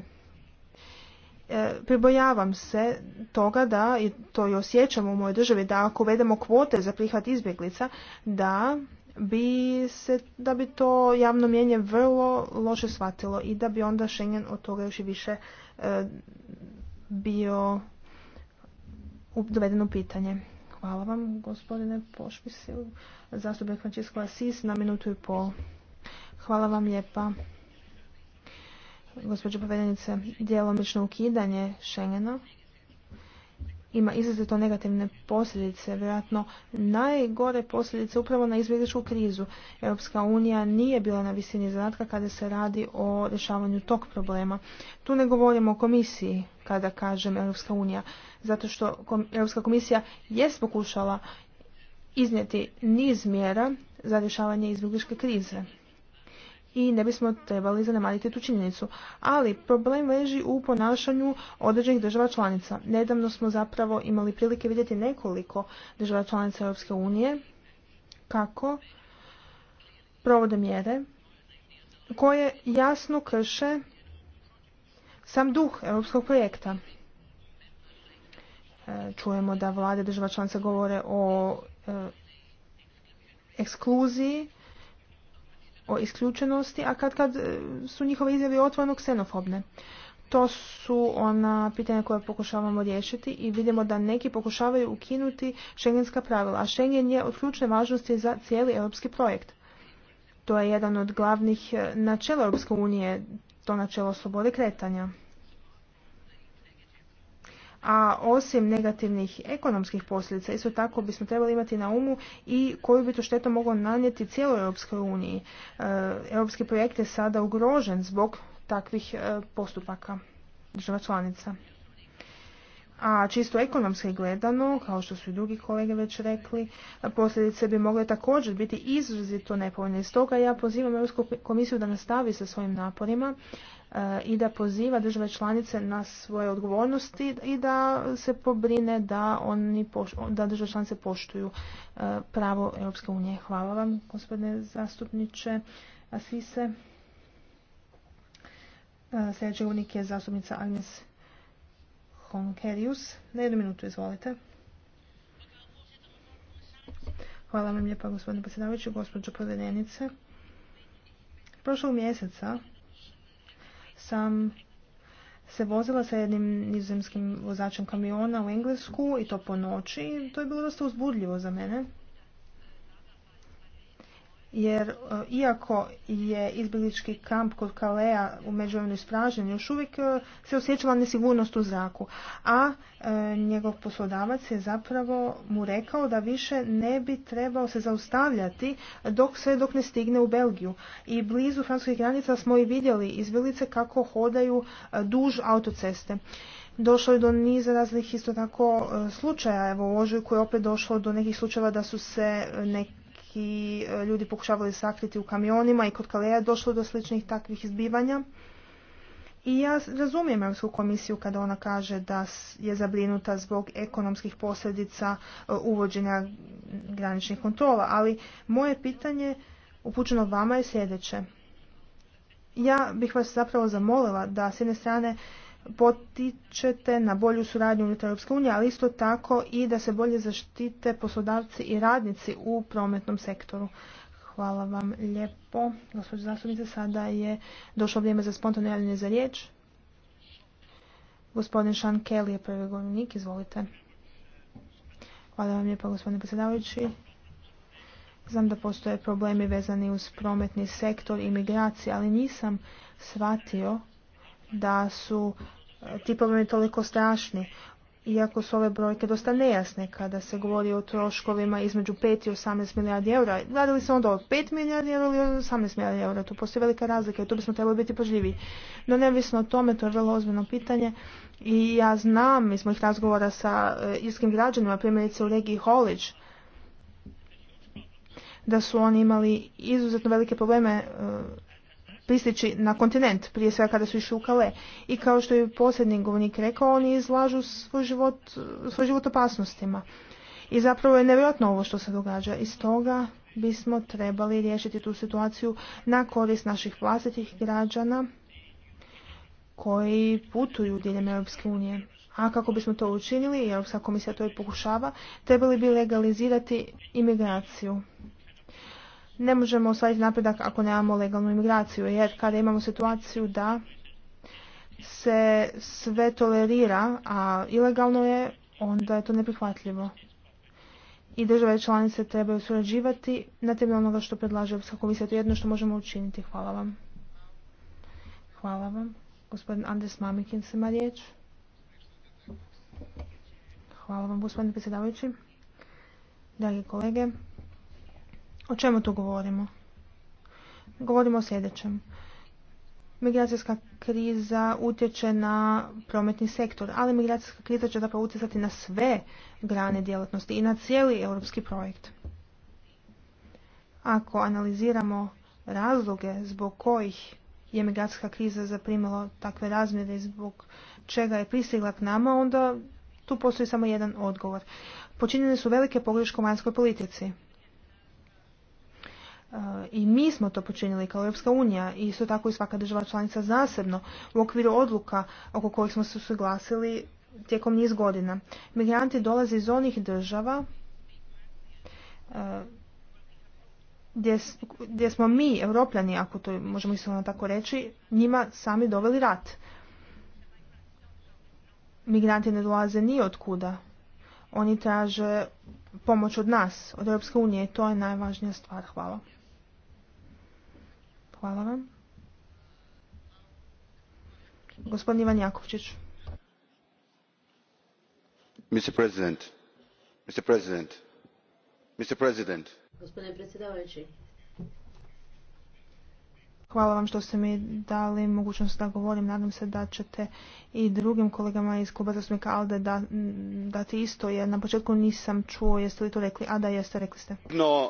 E, pribojavam se toga da, i to i osjećam u mojoj državi, da ako uvedemo kvote za prihvat izbjeglica, da bi se, da bi to javno mjenje vrlo loše shvatilo i da bi onda Schengen od toga još i više e, bio doveden u pitanje. Hvala vam, gospodine Pošpisil, zastupnik Francisco Asis, na minutu i pol. Hvala vam lijepa gospođo povedenice, djelomično ukidanje Schengena ima izrazito negativne posljedice, vjerojatno najgore posljedice upravo na izbjegličku krizu. Europska unija nije bila na visini zadatka kada se radi o rješavanju tog problema. Tu ne govorimo o komisiji kada kažem Europska unija, zato što Europska komisija je pokušala iznijeti niz mjera za rješavanje izbjegličke krize i ne bismo trebali zanemariti tu činjenicu. Ali problem leži u ponašanju određenih država članica. Nedavno smo zapravo imali prilike vidjeti nekoliko država članica Europske unije kako provode mjere koje jasno krše sam duh europskog projekta. E, čujemo da vlade država članica govore o e, ekskluziji o isključenosti, a kad kad e, su njihove izjave otvoreno ksenofobne. To su ona pitanja koja pokušavamo riješiti i vidimo da neki pokušavaju ukinuti šengenska pravila, a Schengen je od ključne važnosti za cijeli europski projekt. To je jedan od glavnih e, načela Europske unije, to načelo slobode kretanja a osim negativnih ekonomskih posljedica isto tako bismo trebali imati na umu i koju bi to štetu moglo nanijeti cijeloj Europskoj uniji. E, europski projekt je sada ugrožen zbog takvih e, postupaka država članica. A čisto ekonomski gledano, kao što su i drugi kolege već rekli, posljedice bi mogle također biti izrazito nepovoljne. Stoga ja pozivam Europsku komisiju da nastavi sa svojim naporima i da poziva države članice na svoje odgovornosti i da se pobrine da, oni da države članice poštuju e, pravo Europske unije. Hvala vam, gospodine zastupniče Asise. E, sljedeći unik je zastupnica Agnes Honkerius. Na jednu minutu, izvolite. Hvala vam lijepa, gospodine predsjedavajući, gospođo povjerenice. Prošlog mjeseca sam se vozila sa jednim nizozemskim vozačem kamiona u Englesku i to po noći. To je bilo dosta uzbudljivo za mene jer e, iako je izbjeglički kamp kod Kalea u međuvremenu ispražen, još uvijek e, se osjećala nesigurnost u zraku. A e, njegov poslodavac je zapravo mu rekao da više ne bi trebao se zaustavljati dok sve dok ne stigne u Belgiju. I blizu franskih granica smo i vidjeli izbjeglice kako hodaju duž autoceste. Došlo je do niza raznih isto tako slučaja. Evo u ožujku je opet došlo do nekih slučajeva da su se neki i e, ljudi pokušavali sakriti u kamionima i kod Kaleja došlo do sličnih takvih izbivanja. I ja razumijem Europsku komisiju kada ona kaže da je zabrinuta zbog ekonomskih posljedica e, uvođenja graničnih kontrola, ali moje pitanje upućeno vama je sljedeće. Ja bih vas zapravo zamolila da s jedne strane potičete na bolju suradnju unutar Europske unije, ali isto tako i da se bolje zaštite poslodavci i radnici u prometnom sektoru. Hvala vam lijepo. Gospođo zastupnice, sada je došlo vrijeme za spontane javljanje za riječ. Gospodin Sean Kelly je prvi govornik, izvolite. Hvala vam lijepo, gospodine predsjedavajući. Znam da postoje problemi vezani uz prometni sektor i migracije, ali nisam shvatio da su e, ti problemi toliko strašni, iako su ove brojke dosta nejasne kada se govori o troškovima između 5 i 18 milijardi eura. Radili se onda o 5 milijardi eura ili 18 milijardi eura. Tu postoji velika razlika i tu bismo trebali biti pažljiviji. No nevisno o tome, to je vrlo ozbiljno pitanje i ja znam iz mojih razgovora sa e, irskim građanima, primjerice u regiji Holić, da su oni imali izuzetno velike probleme e, pristići na kontinent, prije svega kada su išli u Kale. I kao što je posljednji govornik rekao, oni izlažu svoj život, svoj život opasnostima. I zapravo je nevjerojatno ovo što se događa. I stoga bismo trebali riješiti tu situaciju na korist naših vlastitih građana koji putuju diljem Europske unije. A kako bismo to učinili, Europska komisija to i pokušava, trebali bi legalizirati imigraciju ne možemo ostvariti napredak ako nemamo legalnu imigraciju, jer kada imamo situaciju da se sve tolerira, a ilegalno je, onda je to neprihvatljivo. I države članice trebaju surađivati na temelju onoga što predlaže Europska komisija. To je jedno što možemo učiniti. Hvala vam. Hvala vam. Gospodin Andres Mamikin se riječ. Hvala vam, gospodine predsjedavajući. Dragi kolege, o čemu tu govorimo? Govorimo o sljedećem. Migracijska kriza utječe na prometni sektor, ali migracijska kriza će zapravo utjecati na sve grane djelatnosti i na cijeli europski projekt. Ako analiziramo razloge zbog kojih je migracijska kriza zaprimila takve razmjere i zbog čega je pristigla k nama, onda tu postoji samo jedan odgovor. Počinjene su velike pogreške u vanjskoj politici. E, i mi smo to počinili kao Europska unija i isto tako i svaka država članica zasebno u okviru odluka oko kojih smo se usuglasili tijekom niz godina. Migranti dolaze iz onih država e, gdje, smo mi, europljani, ako to možemo isto tako reći, njima sami doveli rat. Migranti ne dolaze ni od kuda. Oni traže pomoć od nas, od Europske unije. To je najvažnija stvar. Hvala. Hvala vam. Gospodin Ivan Jakovčić. Mr. President, Mr. President, Mr. President. Gospodine predsjedavajući. Hvala vam što ste mi dali mogućnost da govorim. Nadam se da ćete i drugim kolegama iz kluba zastupnika Alde dati isto, jer na početku nisam čuo jeste li to rekli, a da jeste, rekli ste. No,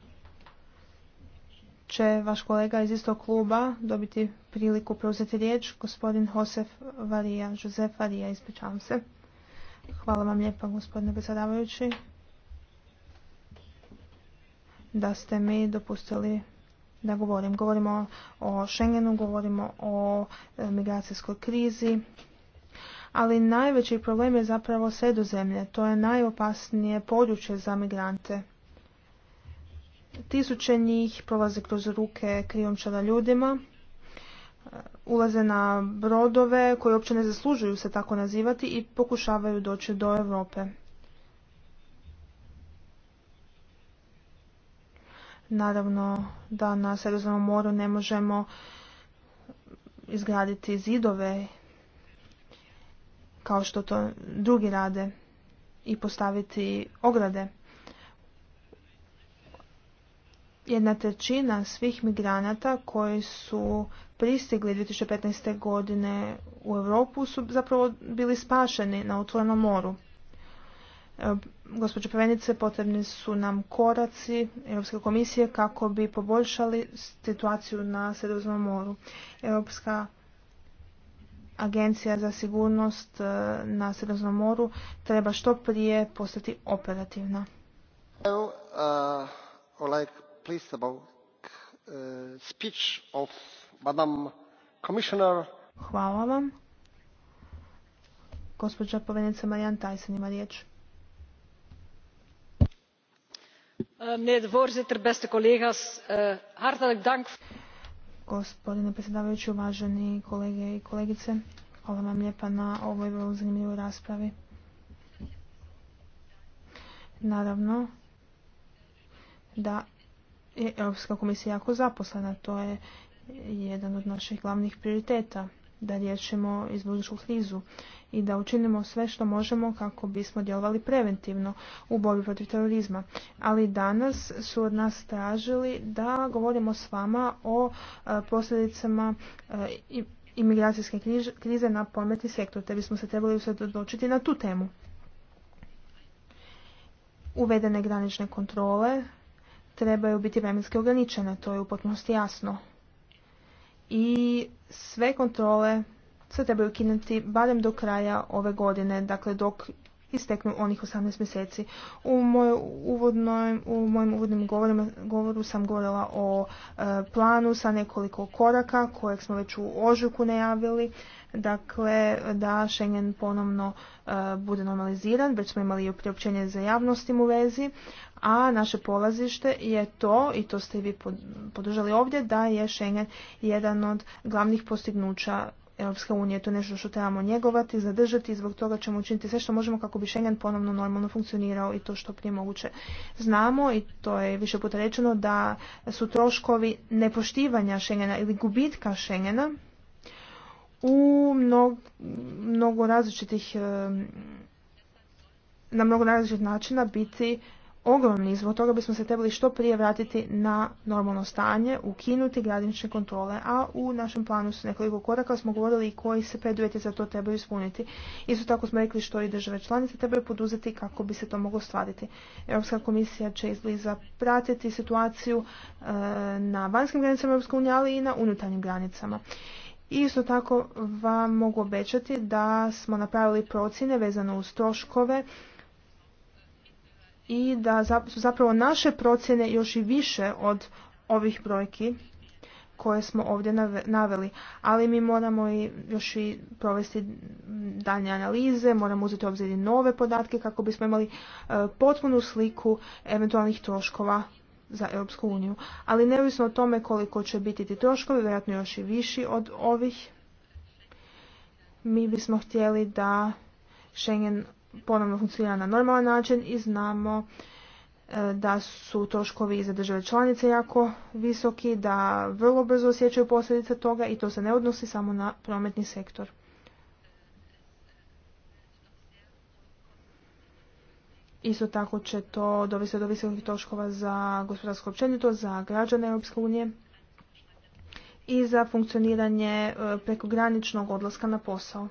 će vaš kolega iz istog kluba dobiti priliku preuzeti riječ, gospodin Josef Varija, Josef Varija, ispričavam se. Hvala vam lijepa, gospodine predsjedavajući, da ste mi dopustili da govorim. Govorimo o Schengenu, govorimo o migracijskoj krizi, ali najveći problem je zapravo sredozemlje. To je najopasnije područje za migrante. Tisuće njih prolaze kroz ruke krijomčara ljudima, e, ulaze na brodove koji uopće ne zaslužuju se tako nazivati i pokušavaju doći do Europe. Naravno da na Sredozemnom moru ne možemo izgraditi zidove kao što to drugi rade i postaviti ograde. jedna trećina svih migranata koji su pristigli 2015. godine u Europu su zapravo bili spašeni na otvorenom moru. gospođo Prevenice, potrebni su nam koraci Europske komisije kako bi poboljšali situaciju na Sredozemnom moru. Europska agencija za sigurnost e, na Sredozemnom moru treba što prije postati operativna. Uh, Uh, speech of Commissioner. Hvala vam. Gospođa povjerenica Marijan Tajsen ima riječ. Eh, de voorzitter, beste collega's, eh, hartelijk dank. Gospodine predsjedavajući, uvaženi kolege i kolegice, hvala vam lijepa na ovoj vrlo zanimljivoj raspravi. Naravno, da Europska komisija jako zaposlena. To je jedan od naših glavnih prioriteta da riješimo izbjegličku krizu i da učinimo sve što možemo kako bismo djelovali preventivno u borbi protiv terorizma. Ali danas su od nas tražili da govorimo s vama o e, posljedicama e, imigracijske krize na pometni sektor, te bismo se trebali usredotočiti na tu temu. Uvedene granične kontrole trebaju biti vremenski ograničene, to je u potpunosti jasno. I sve kontrole se trebaju kinuti barem do kraja ove godine, dakle dok isteknu onih 18 mjeseci. U, mojem uvodnom govoru sam govorila o e, planu sa nekoliko koraka kojeg smo već u ožujku najavili. Dakle, da Schengen ponovno e, bude normaliziran, već smo imali i priopćenje za javnost u vezi, a naše polazište je to, i to ste i vi podržali ovdje, da je Schengen jedan od glavnih postignuća Europske unije. To je nešto što trebamo njegovati, zadržati i zbog toga ćemo učiniti sve što možemo kako bi Schengen ponovno normalno funkcionirao i to što prije moguće. Znamo i to je više puta rečeno da su troškovi nepoštivanja Schengena ili gubitka Schengena u mnogo različitih na mnogo različitih načina biti ogromni. Zbog toga bismo se trebali što prije vratiti na normalno stanje, ukinuti granične kontrole, a u našem planu su nekoliko koraka, smo govorili i koji se preduvjeti za to trebaju ispuniti. Isto tako smo rekli što i države članice trebaju poduzeti kako bi se to moglo stvariti. Europska komisija će izbliza pratiti situaciju e, na vanjskim granicama Europske unije, ali i na unutarnjim granicama. Isto tako vam mogu obećati da smo napravili procjene vezano uz troškove i da su zapravo naše procjene još i više od ovih brojki koje smo ovdje naveli. Ali mi moramo još i provesti dalje analize, moramo uzeti u obzir i nove podatke kako bismo imali e, potpunu sliku eventualnih troškova za Europsku uniju. Ali neovisno o tome koliko će biti ti troškovi, vjerojatno još i viši od ovih, mi bismo htjeli da Schengen ponovno funkcionira na normalan način i znamo e, da su troškovi za države članice jako visoki, da vrlo brzo osjećaju posljedice toga i to se ne odnosi samo na prometni sektor. Isto tako će to dovesti do visokih troškova za gospodarsko općenito, za građane Europske unije i za funkcioniranje e, prekograničnog odlaska na posao.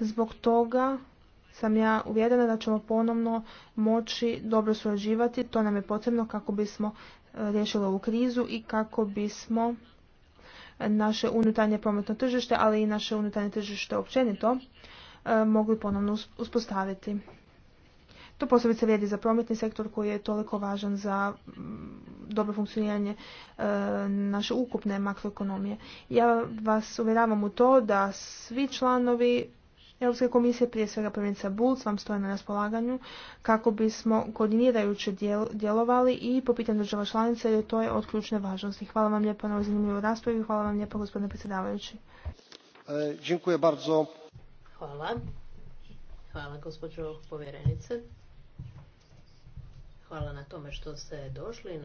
Zbog toga sam ja uvjerena da ćemo ponovno moći dobro surađivati. To nam je potrebno kako bismo e, riješili ovu krizu i kako bismo naše unutarnje prometno tržište, ali i naše unutarnje tržište općenito, e, mogli ponovno uspostaviti. To posebice vrijedi za prometni sektor koji je toliko važan za dobro funkcioniranje e, naše ukupne makroekonomije. Ja vas uvjeravam u to da svi članovi Europske komisije, prije svega prvenica Bulc, vam stoje na raspolaganju kako bismo koordinirajuće djelovali i po pitanju država članica jer to je od ključne važnosti. Hvala vam lijepa na ovoj zanimljivoj raspravi i hvala vam lijepo, gospodine predsjedavajući. E, bardzo. Hvala. Hvala gospođo povjerenice. Hvala na tome što ste došli.